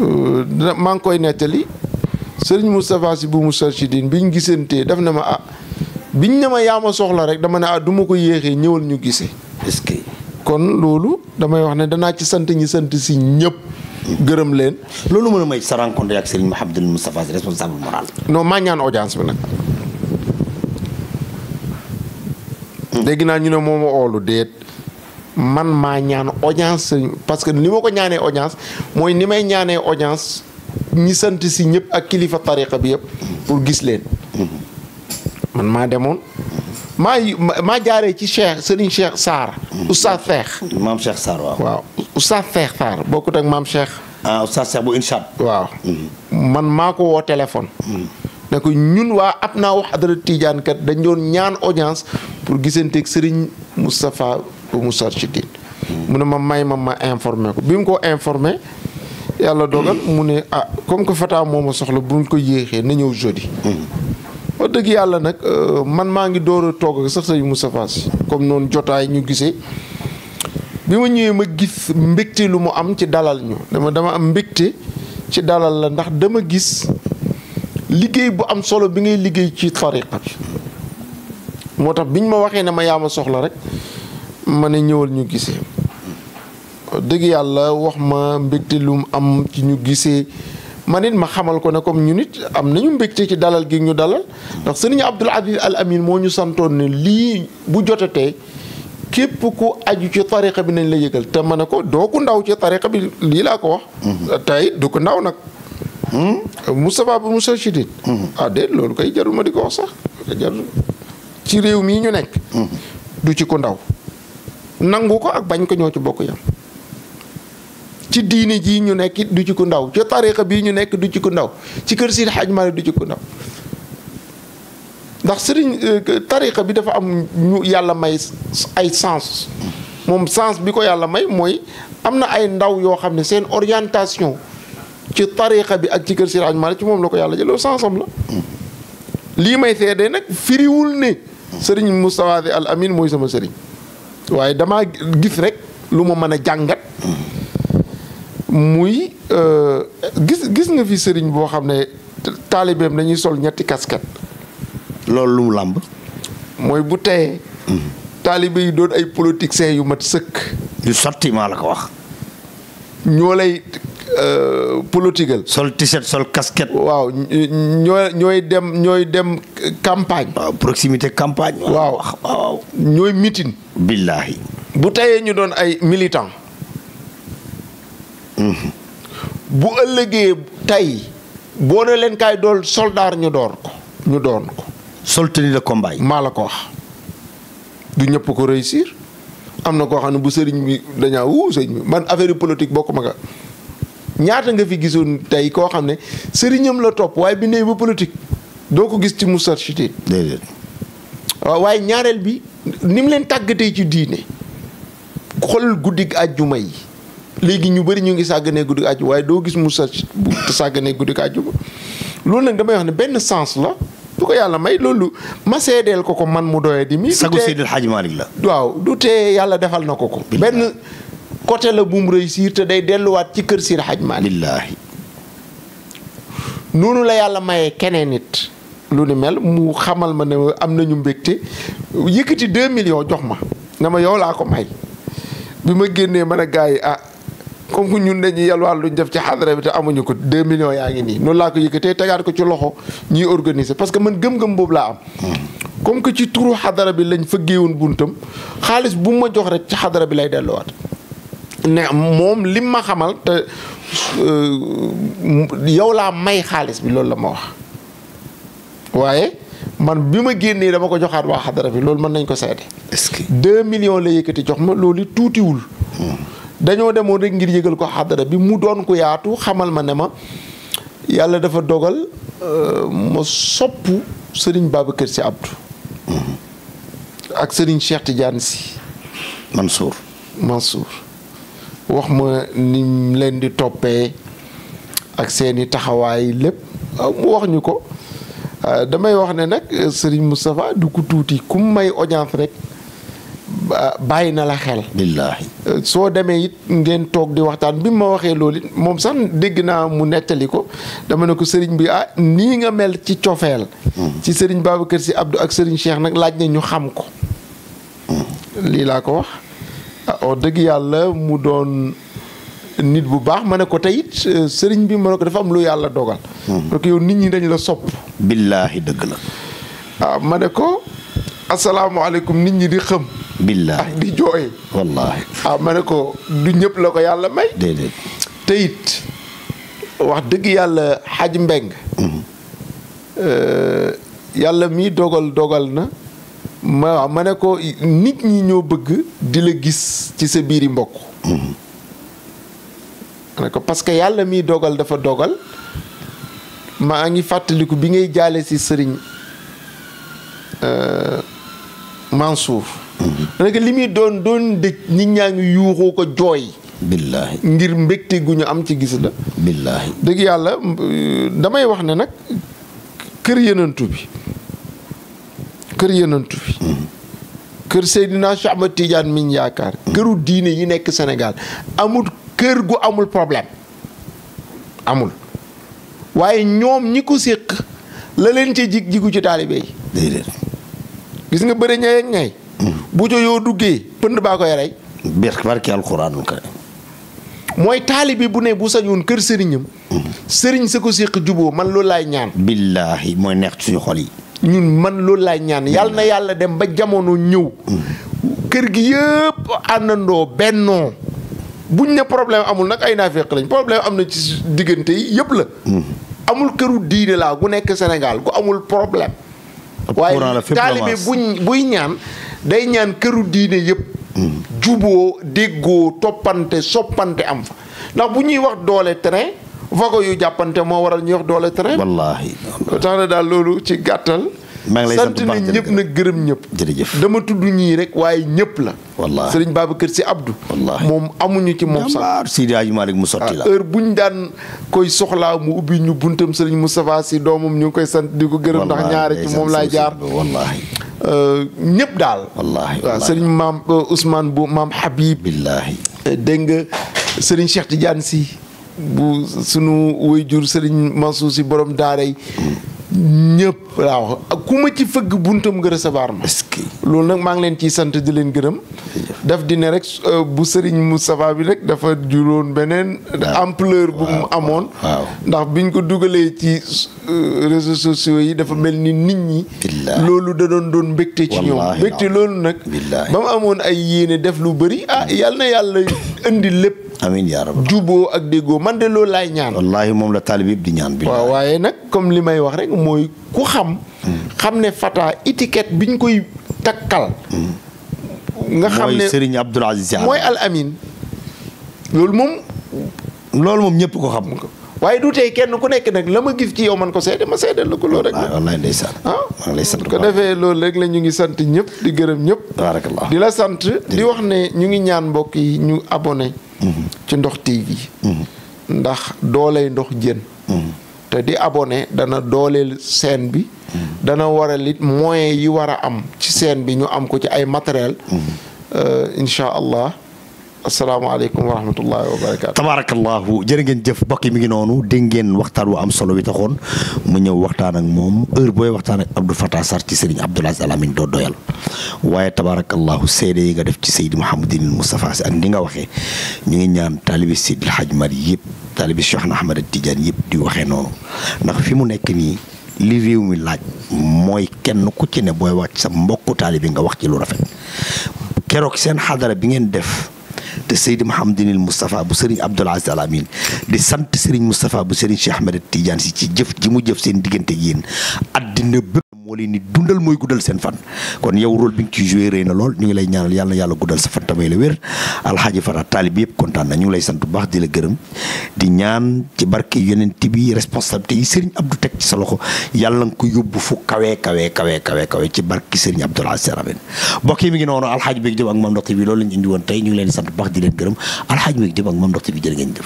Euh, maa ngi koy nettali sëriñ Moustapha Sy bu bi biñ gisantee daf na ma ah biñ ne ma yaa ma soxla rek dama ne ah du ma ko yéexee ñëwal ñu gisee. est-ce que kon loolu damay wax ne danaa ci sant ñi sant si ñëpp. gërëm leen. loolu mën a may sa rencontre ak sëriñ Mouhamadou Moustapha Sy responsable moral. non maa ñaan audience bi nag. Hmm. dégg naa ñu ne moomu a oolu déet. man maa ñaan audience parce que ni ma ko ñaanee audience mooy ni may ñaanee audience ñi sant si ñëpp ak kilifa tariqa bi yëpp pour gis leen man maa demoon maa maa jaaree ci Cheikh Serigne Cheikh Sarr Oustaz Feex maam Cheikh Sarr waaw waaw Oustaz Feex Sarr Cheikh ah Oustaz incha waaw mhm. man maa ko woo téléphone mhm. ne ko ñun waa ab naa wax adara Tidiane kat dañ doon ñaan audience pour gisanteeg Serigne Moustapha bu mu sar ci mu ne ma may ma ma informé ko bi mu ko informé yàlla dogal mu ne ah comme que Fata moo ma soxla bu ñu ko yéexee na ñëw jeudi. ba mm-hmm. dëgg yàlla nag euh, man maa ngi door a toog ak sax sëñ Moustapha Sy comme noonu jotaay ñu gisee bi ma ñëwee ma gis mbégte lu mu am ci dalal ñu dama dama am mbégte ci dalal la ndax dama gis liggéey bu am solo bi ngay liggéey ci tariqa bi moo tax biñ ma waxee ne ma yaa soxla rek. ma ne ñëwal ñu gisee dëgg yàlla wax ma mbégte lum am ci ñu gisee ma it ma xamal ko ne comme ñu nit am nañu mbégte ci dalal gi ñu dalal ndax sëriñ Abdul Aziz Al Amin moo ñu santoon ne lii bu jotatee képp ku aju ci tariqa bi nañ la yëgal te ma ne ko doo ku ndaw ci tariqa bi lii laa ko wax. Mhm. tey du ko ndaw nag. Hmm? Moustapha bu Moussa Chidid. Hmm. ah déet loolu kay jarul ma di ko wax sax ci réew mi ñu nekk. Hmm. du ci ko ndaw. nangu ko ak bañ ko ñoo ci bokk yam ci diini jii ñu nekk du ci ku ndaw ci tariqa bii ñu nekk du ci ndaw ci kër Sidi Hadj Malick du ci ku ndaw ndax sëriñ euh, tariqa bi dafa am ñu yàlla may ay sens moom sens bi ko yàlla may mooy am na ay ndaw yoo xam ne seen orientation ci tariqa bi ak ci kër Sidi Hadj Malick ci moom la ko yàlla jël loolu sens am la lii may seede nag firiwul ne sëriñ Moustapha Al Amin mooy sama sëriñ waaye damaa gis rek lu ma mën a jàngat muy euh, gis gis nga fi sëriñ boo xam ne taalibeem dañuy sol ñetti casquette loolu lu mu làmb mooy bu teyee mm-hmm. taalibe yi doon ay politiciens yu mat sëkk yu sotti maa la ko wax ñoo lay Euh, politigal. sol t sol casquette. waaw ñooy dem ñooy dem campagne. waaw proximité campagne. waaw waaw ñooy meeting. billahi. bu tayee ñu doon ay militant. Mm-hmm. bu ëllëgee tay boo ne leen kaay dool soldaar ñu door ko ñu doon ko. sol tenue de maa la ko wax. du ñëpp ko réussir. am na koo xam ne bu sëriñ bi dañaa wuu sëriñ bi man affaire politique bokk ma ñaata nga fi gisoon tey koo xam ne sëriñam la topp waaye bi nee ba politique doo ko gis ci Moustarchidine déedéet waaw waaye ñaareel bi ni mu leen tàggatee ci diine xool guddig àjjuma yi léegi ñu bari ñu ngi sàgganee guddig àjjuma waaye doo gis Moustarchidine bu sàgganee guddig àjjuma loolu nag damay wax ne benn sens la du ko yàlla may loolu ma seedeel ko ko man mu doyee di mi sagu Seydil Hadji Malick la waaw du tee yàlla defal na ko ko côté la bu mu réussir te day delluwaat ci kër Sir Hadj Malick. lillaahi noonu la yàlla mayee keneen nit lu ni mel mu xamal ma ne am nañu mbégte yëkkati de million jox ma na ma yow laa ko may bi ma génnee mën a gars yi ah comme que ñun dañuy yalwaal luñ def ci xadra bi te amuñu ko 2 million yaa ngi nii noonu laa ko yëkkatee tegaat ko ci loxo ñuy organiser parce que man gëm-gëm boobu laa am. Hmm. comme que ci turu xadara bi lañ fëggeewoon buntam xaalis bu ma jox rek ci xadara bi lay delluwaat. ne moom lim ma xamal te euh, yow laa may xaalis bi loolu la ma wax waaye man bi ma génnee dama ko joxaat waa xadara bi loolu mën nañ ko seede. est-ce que deux millions la yëkkati jox ma loolu tuutiwul. Hmm. dañoo demoon rek ngir yëgal ko xadara bi mu doon ko yaatu xamal ma ne ma yàlla dafa dogal euh, ma soppu sëriñ Babacar Sy Abdou. Hmm. ak sëriñ Cheikh Tidiane Sy. Mansour Mansour. wax ma ni leen di toppee ak seeni taxawaay lépp mu wax ñu ko euh, damay wax ne nag sëriñ Moustapha du ko tuuti ku may audience rek bàyyi na la xel. billaahi euh, soo demee it ngeen toog di waxtaan bi mu ma waxee loolu moom sax dégg naa mu nettali ko dama ne ko sëriñ bi ah nii nga mel ci cofeel hmm. ci Serigne kër Sy Abdou ak sëriñ Cheikh nag laaj na ñu xam ko. Hmm. lii laa ko wax. Ah, oo oh, dëgg yàlla mu doon nit bu baax ma ne ko tey euh, sëriñ bi ma ne ko dafa am lu yàlla dogal. Hmm. parce nit ñi dañ la sopp. billaahi dëgg la. Ah, ma ne ko asalaamaaleykum nit ñi di xëm. billaahi ah, di jooy. ma ne ko du ñëpp la ko yàlla may. déedéet wax dëgg yàlla xaj mbeng hmm. euh, yàlla mii dogal dogal na. ma waaw ma ne ko nit ñi ñoo bëgg di la gis ci sa biiri mbokk ma ne ko parce que yàlla miy dogal dafa dogal maa ngi fàttaliku bi ngay jaale si sëriñ euh, Mansour ma ne ko li muy doon doon dëj nit ñaa ngi yuuxu ko jooy billaahi ngir mbégte gu ñu am ci gis la billaahi dëgg yàlla euh, damay wax ne nag kër yenantu bi kër yenantu bi kër Seydina Cheikh Ahmed Tidiane miñ yaakaar këru diine yi nekk Sénégal amul kër gu amul problème amul waaye ñoom ñi ko séq la leen ci jig jigu ci taalibe yi gis nga bëri ñay ak ñay hmm. bu jo yoo duggee pënd baa koy rey mooy taalibe bu ne bu sañoon kër sëriñam hmm. sëriñ sa ko séq juboo man loolu laay ñaan billaahi mooy neex ci suñu xol yi ñun man loolu laay ñaan yàlla na yàlla dem ba jamono ñëw mm. kër gi yëpp àndandoo bennoo buñ ne problème amul nag ay naafeq lañ problème am na ci diggante yi yëpp la mm. amul këru diine laa gu nekk Sénégal gu amul problème waaye taalibe buñ buy ñaan day ñaan këru diine yëpp mm. juboo déggoo toppante soppante am fa ndax bu ñuy wax doole train vago yu jàppante moo waral ñuy wax doole train. wallaahi. tax na daal loolu ci gàttal. maa ngi lay sant nañ ñëpp nag gërëm ñëpp. jërëjëf dama tudd ñii rek waaye ñëpp la. wallaahi sëriñ Babacar Sy Abdou. wallaahi moom amuñu ci moom sax. Seydi Hadji Malick mu sotti la ah, heure buñ daan koy soxlaa mu ubbi ñu buntam sëriñ Moustapha si doomam ñu koy sant di ko gërëm. ndax ñaari ci moom laay jaar wallaahi. Euh, ñëpp daal. wallaahi sëriñ maam euh, Ousmane bu maam Habib. billaahi euh, dégg nga sëriñ Cheikh Tidiane si bu sunu waajur Serigne Mansour Sy borom daara yi ñëpp waaw ku ma ci fëgg buntam nga recevoir ma. loolu nag maa ngi leen ciy sant di leen gërëm. daf dina ne rek euh, bu Serigne Moustapha bi rek dafa juróon beneen. ampleur bu mu amoon. ndax biñ ko dugalee ci euh, réseaux sociaux yi dafa mel ni nit ñi. loolu da doon doon mbégte ci ñoom. mbégte loolu nag. ba amoon ay yéene def lu bëri ah yàlla na yàlla indi lépp. amiin yaa rabal juboo ak déggoo man de loolu laay ñaan. wallaahi moom la taalib yëpp di ñaan. bi waaw waaye nag comme li may wax rek mooy ku xam. Hmm. xam ne Fata bi biñ koy takkal. Hmm. nga xam ne mooy Serigne Abdoul Aziz mooy Al Amin. loolu moom. loolu moom ñëpp ko xam. waaye du tey kenn ku nekk nag la ma gis ci yow man ko seede ma seedal la ko loolu rek. waaw wallaay ndeysaan. ah maa ngi loolu rek la ñu ngi sant ñëpp di gërëm ñëpp. barakallah di la sant. di wax ne ñu ngi ñaan mbokk yi ñu abonné. ci ndox téy gi ndax dooley ndox jën te di abone dana dooleel seen bi dana waral it moyens yi war a am ci seen bi ñu am ko ci ay matériel mm-hmm. euh, incha allah asalaamaaleykum wa rahmatullahi wa barakaatu. tabaarakallaahu jërë ngeen jëf mbokk yi mi ngi noonu dégg ngeen waxtaan wu am solo bi taxoon mu ñëw waxtaan ak moom heure booy waxtaan ak Abdou Fatah Sarr ci Serigne Abdoul Aziz Al Amine doo doyal waaye tabaarakallaahu seede yi nga def ci Seydi Mouhamadinil Moustapha Sy ak ni nga waxee ñu ngi ñaan taalibi Seydi El Hadj Mari yëpp taalibi Cheikh Ahmed Tidiane yëpp di waxee noonu ndax fi mu nekk nii. li réew mi laaj mooy kenn ku ci ne booy wax sa taali bi nga wax ci lu rafet keroog seen xadara bi ngeen def sant Seydi Mouhamadinil Moustapha bu Serigne Abdoul Aziz Al Amine di sant Serigne Moustapha bu Serigne Cheikh Ahmed Tidiane si ci jëf ji mu jëf seen diggante yéen àddina bépp moo leen ni dundal mooy guddal seen fan kon yow rôle bi nga ci joué rëy na lool ñu ngi lay ñaanal yàlla yàlla guddal sa fan tamay la wér alxaaji Fara taalib yëpp kontaan na ñu ngi lay sant bu baax di la gërëm di ñaan ci barke yonent bi responsabilité yi Serigne Abdou teg ci sa loxo yàlla nga ko fu kawe kawe kawe kawe kawe ci barke Serigne Abdou Aziz alxaaji beeg jëm ak Mame Ndokh TV bi loolu ñu ngi